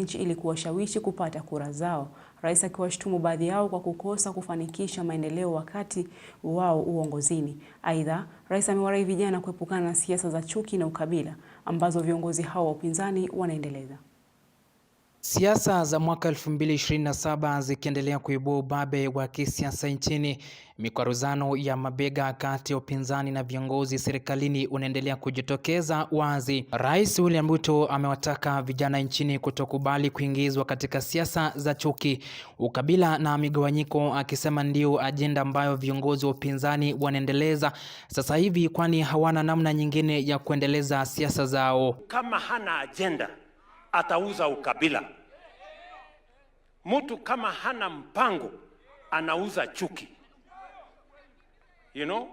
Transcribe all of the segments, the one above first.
wananchi ili kuwashawishi kupata kura zao, rais akiwashutumu baadhi yao kwa kukosa kufanikisha maendeleo wakati wao uongozini. Aidha, rais amewarai vijana kuepukana na siasa za chuki na ukabila ambazo viongozi hao wa upinzani wanaendeleza. Siasa za mwaka 2027 zikiendelea kuibua ubabe wa kisiasa nchini, mikwaruzano ya mabega kati ya upinzani na viongozi serikalini unaendelea kujitokeza wazi. Rais William Ruto amewataka vijana nchini kutokubali kuingizwa katika siasa za chuki, ukabila na migawanyiko, akisema ndio ajenda ambayo viongozi wa upinzani wanaendeleza sasa hivi, kwani hawana namna nyingine ya kuendeleza siasa zao. Kama hana ajenda atauza ukabila Mtu kama hana mpango anauza chuki, you know,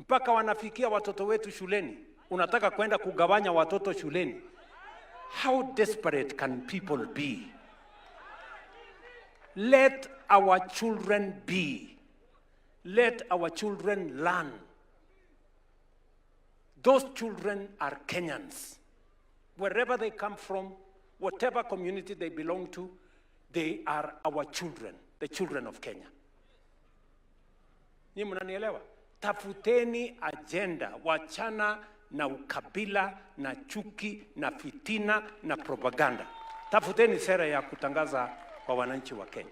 mpaka wanafikia watoto wetu shuleni. Unataka kwenda kugawanya watoto shuleni? How desperate can people be? Let our children be. Let our children learn. Those children are Kenyans. Wherever they come from, whatever community they belong to, they are our children, the children of Kenya. Ni mnanielewa? Tafuteni ajenda, wachana na ukabila na chuki na fitina na propaganda. Tafuteni sera ya kutangaza kwa wananchi wa Kenya.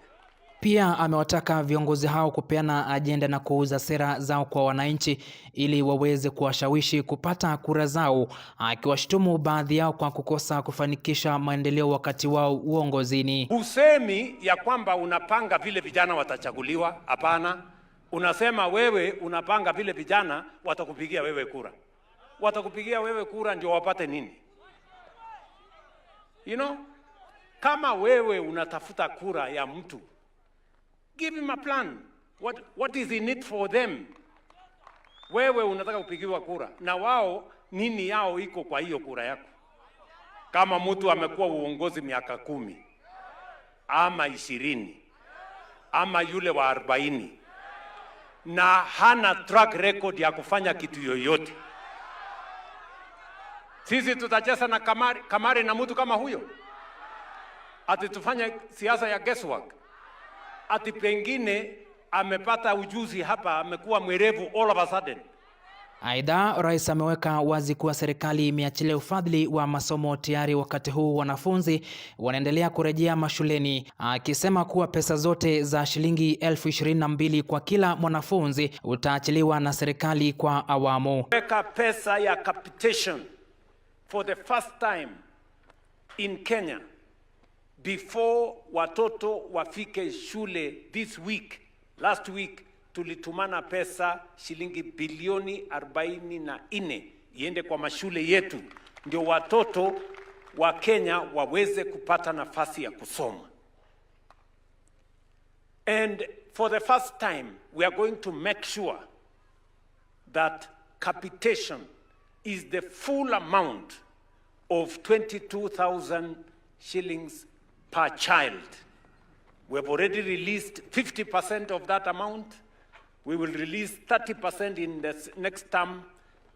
Pia amewataka viongozi hao kupeana ajenda na kuuza sera zao kwa wananchi ili waweze kuwashawishi kupata kura zao, akiwashutumu baadhi yao kwa kukosa kufanikisha maendeleo wakati wao uongozini. Usemi ya kwamba unapanga vile vijana watachaguliwa, hapana. Unasema wewe unapanga vile vijana watakupigia wewe kura, watakupigia wewe kura ndio wapate nini? You know, kama wewe unatafuta kura ya mtu Give him a plan. What, what is in it for them? Wewe unataka kupigiwa kura na wao, nini yao iko kwa hiyo kura yako? Kama mtu amekuwa uongozi miaka kumi ama ishirini ama yule wa arobaini na hana track record ya kufanya kitu yoyote, sisi tutacheza na kamari, kamari na mtu kama huyo? Ati siasa ya guesswork? ati pengine amepata ujuzi hapa, amekuwa mwerevu all of a sudden. Aidha, rais ameweka wazi kuwa serikali imeachilia ufadhili wa masomo tayari, wakati huu wanafunzi wanaendelea kurejea mashuleni, akisema kuwa pesa zote za shilingi elfu ishirini na mbili kwa kila mwanafunzi utaachiliwa na serikali kwa awamu. Weka pesa ya capitation for the first time in Kenya before watoto wafike shule this week. Last week tulitumana pesa shilingi bilioni 44 iende kwa mashule yetu ndio watoto wa Kenya waweze kupata nafasi ya kusoma. And for the first time we are going to make sure that capitation is the full amount of 22,000 shillings per child. We have already released 50% of that amount. We will release 30% in the next term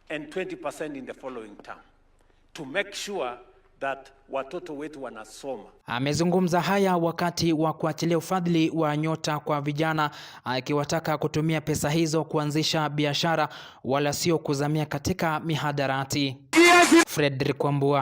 and 20% in the following term to make sure that watoto wetu wanasoma. Amezungumza haya wakati wa kuachilia ufadhili wa nyota kwa vijana, akiwataka kutumia pesa hizo kuanzisha biashara wala sio kuzamia katika mihadarati. Fredrick Wambua